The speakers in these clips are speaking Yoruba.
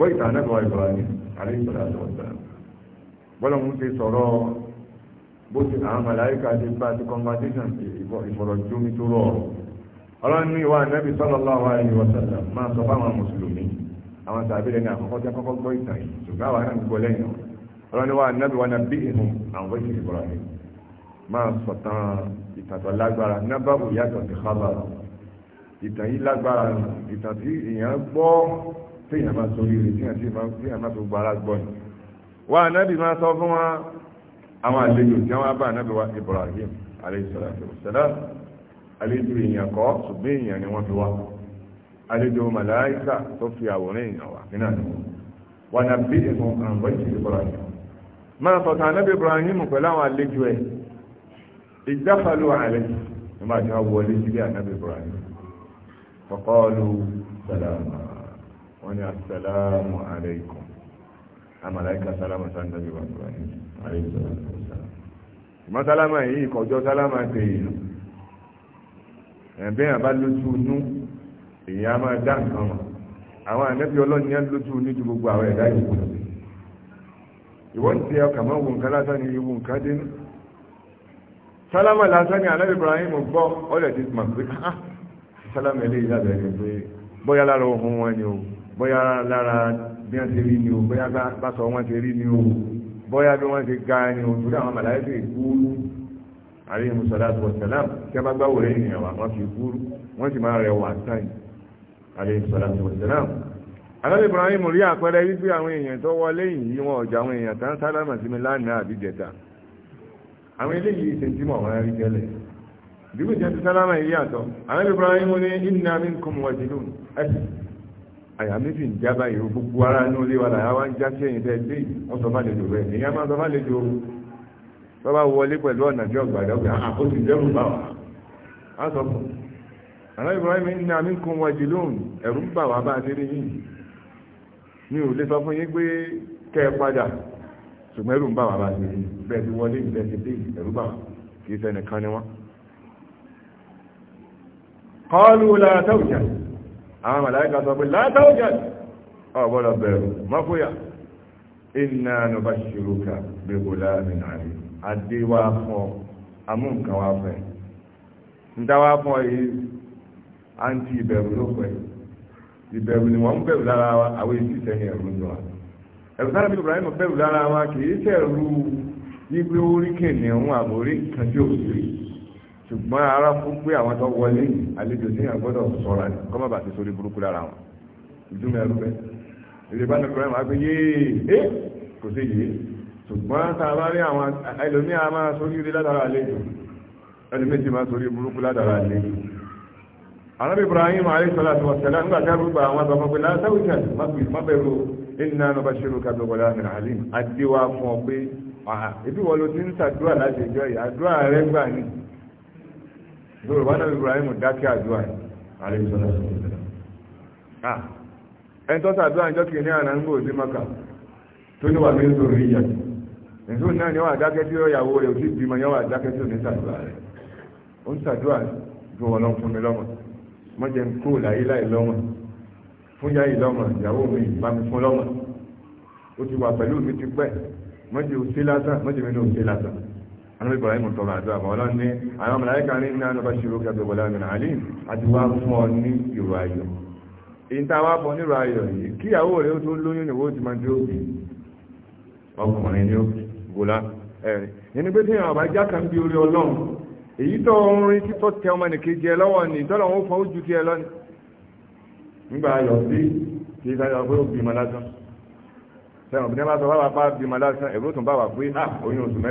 gbọ́ ìtàn anábọ̀ Ibrahim àríṣọ́lá àtọ̀ọ̀tà bọ́lá mú ti sọ̀rọ̀ bó ti àwọn màláíkà ti bá ti conversation ìfọ̀rọ̀jómi tó rọ̀ ọlọ́run ní ìwà sallallahu alaihi wasallam máa sọ fáwọn mùsùlùmí àwọn sàbílẹ̀ ní àkọ́kọ́ tí a kọ́kọ́ gbọ́ ìtàn yìí ṣùgbọ́n àwọn náà gbọ́ lẹ́yìn ọlọ́run ní ìwà anábì wọn náà bí ìhun àwọn bó ti Ibrahim máa sọ̀tàn téèyàn máa sọ rírì téèyàn tí téèyàn máa fi gbára gbọ́ ni wá anábì máa sọ fún wa àwọn àlejò tí wọ́n bá anábì wa Ibrahim aleyhisalatu wasalam àlejò èèyàn kọ́ ṣùgbọ́n èèyàn ni wọ́n fi wá àlejò màláìkà tó fi àwòrán èèyàn wà nínú àná wà nàbí ìfún àǹbọ̀jì Ibrahim máa sọ̀tàn anábì Ibrahim pẹ̀lú àwọn àlejò ẹ̀ ìjáfàlú àlẹ́ nígbà tí wọ́n wọlé sílé anábì Ibrahim faqalu salama wọ́n ní asàlámù aláìkùm amàláìkà sálámà sáńdàbí wà lọ́wọ́ ní ìmọ̀ sálámà yìí kọjọ́ sálámà tẹ ìlú ẹ̀bẹ́ àbá lójú inú èyí a máa dá nǹkan mọ̀ àwọn ànẹ́bí ọlọ́ni á lójú ní ju gbogbo àwọn ẹ̀dá yìí kùn ìwọ́n ti ọkà máa wù nǹkan lásán ní ewu nǹkan dínú sálámà lásán ní ànẹ́bí Ibrahim gbọ́ ọ̀rẹ́ mọ̀ pé ah, sálámà eléyìí lábẹ́ ni pé bóyá lára ohun wọn ni o bóyá lára bí wọ́n ti rí ni o bóyá bá sọ wọ́n ti rí ni o bóyá bí wọ́n ti ga ni o torí àwọn màláìsì kúrú àríyìn musalatu wasalam tí a bá gbáwò rẹ̀ ènìyàn wà wọ́n fi kúrú wọ́n sì máa rẹwà sáyìn àríyìn musalatu wasalam alábì ibrahim rí àpẹẹrẹ wípé àwọn èèyàn tó wọlé yìí wọn ọjà àwọn èèyàn tán sálámà sí mi lánàá àbí jẹta àwọn eléyìí ṣe tí mọ̀ wọ́n rí tẹ́lẹ̀ bíbí jẹ́ ti sálámà yìí yàtọ̀ alábì ibrahim ní inna minkum wajidun ẹ̀sìn àyà méjì ń jábá ìró gbogbo ara inú ilé wa làyà ń já sí ẹ̀yìn tẹ́lẹ̀ bíi wọ́n sọ fún àlejò rẹ̀ èyí á máa sọ fún àlejò wọ́n bá wọlé pẹ̀lú ọ̀nà tí ọ̀gbàdà ọ̀gbà ó sì ah, dẹ́rù bá wa á sọ fún àná Ibrahim ní àmì kan wájú lóhùn ẹ̀rù ń bà wá bá a ti yìí mi ò lè sọ fún yín pé kẹ́ ẹ padà ṣùgbọ́n ẹ̀rù ń bà wá bá a ti bẹ́ẹ̀ ti wọlé bẹ́ẹ̀ ti dé ẹ̀rù bà kì í ṣẹnìkan ni wọ́n. kọ́ọ́lù la tẹ́wùjà àwọn màláíkà sọ pé látàwọ́jẹ́ ọ̀gbọ́dọ̀ bẹ̀rù mọ́fúyà iná nùbá ṣìrúkà gbogbo láàrin àrí adéwà fún amúnkan wá fẹ́ ń dáwà fún ọ̀yí àǹtí ìbẹ̀rù ló pẹ̀ ìbẹ̀rù ni wọ́n ń bẹ̀rù lára wa àwọn èsì sẹ́yìn ẹ̀rù ń lọ ẹ̀rù sára bí Ibrahim bẹ̀rù lára wa kì í ṣẹ̀rù ibi orí kìnìún àbórí kan tí ò sí ṣùgbọ́n ara fún pé àwọn tó wọlé àlejò sí àgbọ́dọ̀ sọ̀rọ̀ ní kọ́mọ̀ bá ti sórí burúkú lára wọn ìdúmọ̀ ẹ̀rú bẹ́ẹ̀ èdè bá nìkan ẹ̀mọ́ àgbẹ̀ yéé kò sí yìí ṣùgbọ́n tá rí àwọn ẹlòmí a máa sórí rí látara àlejò ẹlòmí ti máa sórí burúkú látara àlejò arábì Ibrahim alayisala ti wọ̀sẹ̀lá nígbà tí a àwọn sọ fún pé látàwùjà mábẹ̀rù iná nọbaṣẹ́rù kàdọ̀gbọ̀lá àmì àdéwà fún ọ pé ìbí wọ́n ló ti ń ṣàdúrà láti ìjọ yìí àdúrà rẹ̀ gbà ní lórí wọn náà Ibrahim dákẹ́ àdúrà àlejò sọ́nà sọ́nà ẹni tó sàdúrà ìjọ kìíní àná ń gbòòsí mọ́kà tó ní wà nínú orí ìyà ìṣó náà ni wọ́n àdákẹ́ tí ìyàwó rẹ̀ òsì bímọ yẹn wọ́n àdákẹ́ tí ò ní sàdúrà rẹ̀ ó ń sàdúrà ju wọn lọ́n fún mi lọ́mọ mọ́ jẹ́ ń kó láyé láì lọ́mọ fún yáyì lọ́mọ ìyàwó mi bá mi fún lọ́mọ ó ti wà pẹ̀lú mi ti pẹ́ mọ́ jẹ́ òsè lásán mọ́ jẹ́ mi ní òsè lásán anábì Ibrahim tọrọ àdúrà bọ̀ ọlọ́run ní àwọn màláíkà ní iná lọ́ba ṣe rókè àti ọ̀bọ̀lá min alim àti wá fún ọ ní ìrò ayọ̀ èyí tá a wá bọ̀ nírò ayọ̀ yìí kí ìyàwó rẹ̀ ó tó lóyún ìwó ti máa dúró bì ọkùnrin ní òkè gbòlá ẹ̀rí nínú pé tí àwọn àbájá kan bí orí ọlọ́run èyí tó ń títọ́ tẹ ọmọ nìkejì ẹ lọ́wọ́ ní ìtọ́lọ̀ wọn fọ́ ojú tí ẹ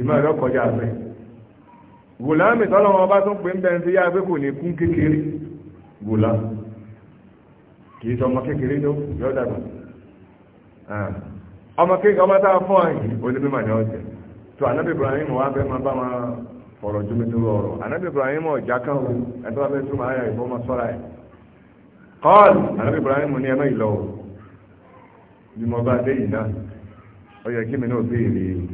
ìmọ̀ ẹ̀rọ kọjá abẹ́ gùlámì tọ́lọ́wọ́ bá tún pè ń bẹ́ẹ̀ sí yá pé kò ní kún kékeré gùlá kì í sọmọ kékeré tó yọ dàgbà ọmọ kékeré ọmọ tá a fọ́ onímọ̀ ni ọ̀jẹ̀ tó anábì Ibrahim wà bẹ́ẹ̀ máa bá wọn fọ̀rọ̀ jómitoro ọ̀rọ̀ anábì Ibrahim ọ̀já kan o ẹ̀tọ́ bá fẹ́ túmọ̀ ayà ìbọn ọmọ sọ́ra ẹ̀ kọ́ọ̀lù anábì Ibrahim ní ẹ̀mẹ́ ìlọ o bí mo bá dé yìí náà ó yẹ kí mi náà béèrè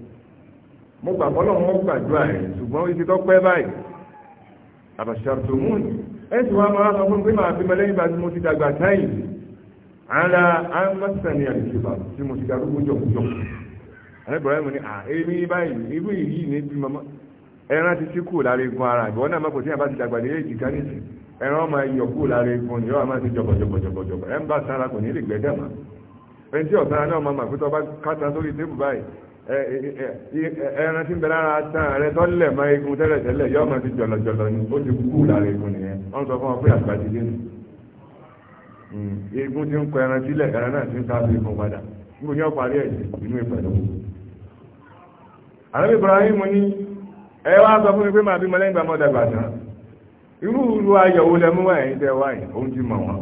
mo gbà fọlọ́ wọn gbàdúrà rẹ̀ ṣùgbọ́n ibi tó báyìí àbàṣàtò mú ẹ̀sùn wa máa sọ fún pé bá tí mo ti dàgbà táyì ara ámásàmì àdìsíbà tí mo ti darúgbó jọ̀kújọ̀ alẹ́bùrọ̀ ẹ̀mọ́ ni à èmi báyìí irú ní bí ẹran ti ṣí kù lára egun ara ìbọn náà ti dàgbà lé èjì kánísì ẹran máa yọ kù lára egun yọ àmà ti jọ̀bọ̀ jọ̀bọ̀ jọ̀bọ̀ jọ̀bọ̀ ẹ̀ ń bá sára kò ní lè ẹran tí ń bẹ lára tán rẹ tó lẹ̀ ma egun tẹ́lẹ̀ tẹ́lẹ̀ ti jọlọ ni ó ti kú lára egun nìyẹn sọ fún ọ pé àgbà nù. Hmm, egun ti ń kọ ẹran sílẹ̀ ẹran náà ti ń ká sí egun padà níbo ni ó parí inú ìpàdé wò. àlọ́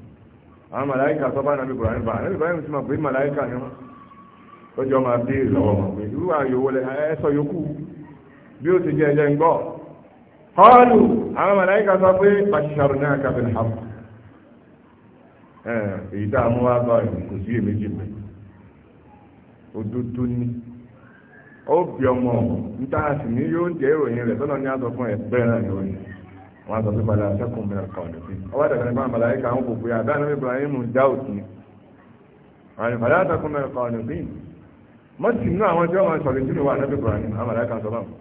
àwọn màláìkà tó bá nàbí Ibrahim bá nàbí Ibrahim ti máa pè é màláìkà ni wọn lọ́jọ́ máa béèrè lọ́wọ́ wọn pé irú àyòwò lẹ ẹsọ yòókù bí ó ti jẹ ẹjẹ ń gbọ́ àwọn sọ pé náà a mú wá bá yìí kò sí èméjì mẹ òdodo ni ó bí ọmọ níta sì ní yóò jẹ ìròyìn rẹ sọ́nà ní fún náà wọ́n sọ pé padà sẹ́kùn mìíràn kan ọ̀dọ̀ sí ọwọ́ ìdàgbà nípa màláíkà àwọn kò pé àdáni Ibrahim já òtún àwọn ìfàdá àtàkùn mìíràn kan ọ̀dọ̀ sí mọ́tì nínú àwọn tí wọ́n máa sọ̀rọ̀ ìdílé wa ànábì Ibrahim àwọn màláíkà sọ báwọn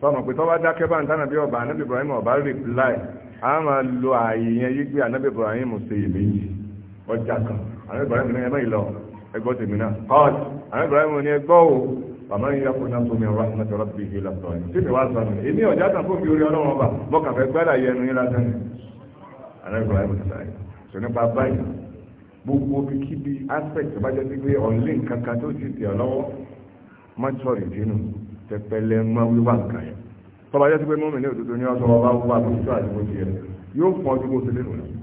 tọmọ pé tọ́wọ́ dákẹ́ bá ń tánà bí ọba ànábì Ibrahim ọba rìpláì a máa lo ààyè yẹn yí pé ànábì Ibrahim ṣe ìbéjì ọjà kan ànábì Ibrahim bàbá yìí yàpò náà tó mi ọ̀rọ̀ àti ọ̀rọ̀ bíi ìlà sọ̀rọ̀ yìí tí mi wá sọ̀rọ̀ yìí èmi ọ̀já tàn fún mi orí ọlọ́run ọba mọ́kà fẹ́ gbádà yẹnu yín lásán ni aláìkọ̀lá ìbùsùn láyé sọ nípa báyìí gbogbo kíbi aspect bá jẹ́ pé ọ̀nlé nǹkan kan tó ti tẹ̀ ọ́ lọ́wọ́ má sọ̀rọ̀ ìdínú tẹpẹlẹ mọ́ wíwá nǹkan yẹn tọ́ba jẹ́ pé mọ́mí ní òdodo ní ọ̀sán ọba wíwá àbójútó àti bó ti yẹ yóò fọ́ ọdún bó ti lé nù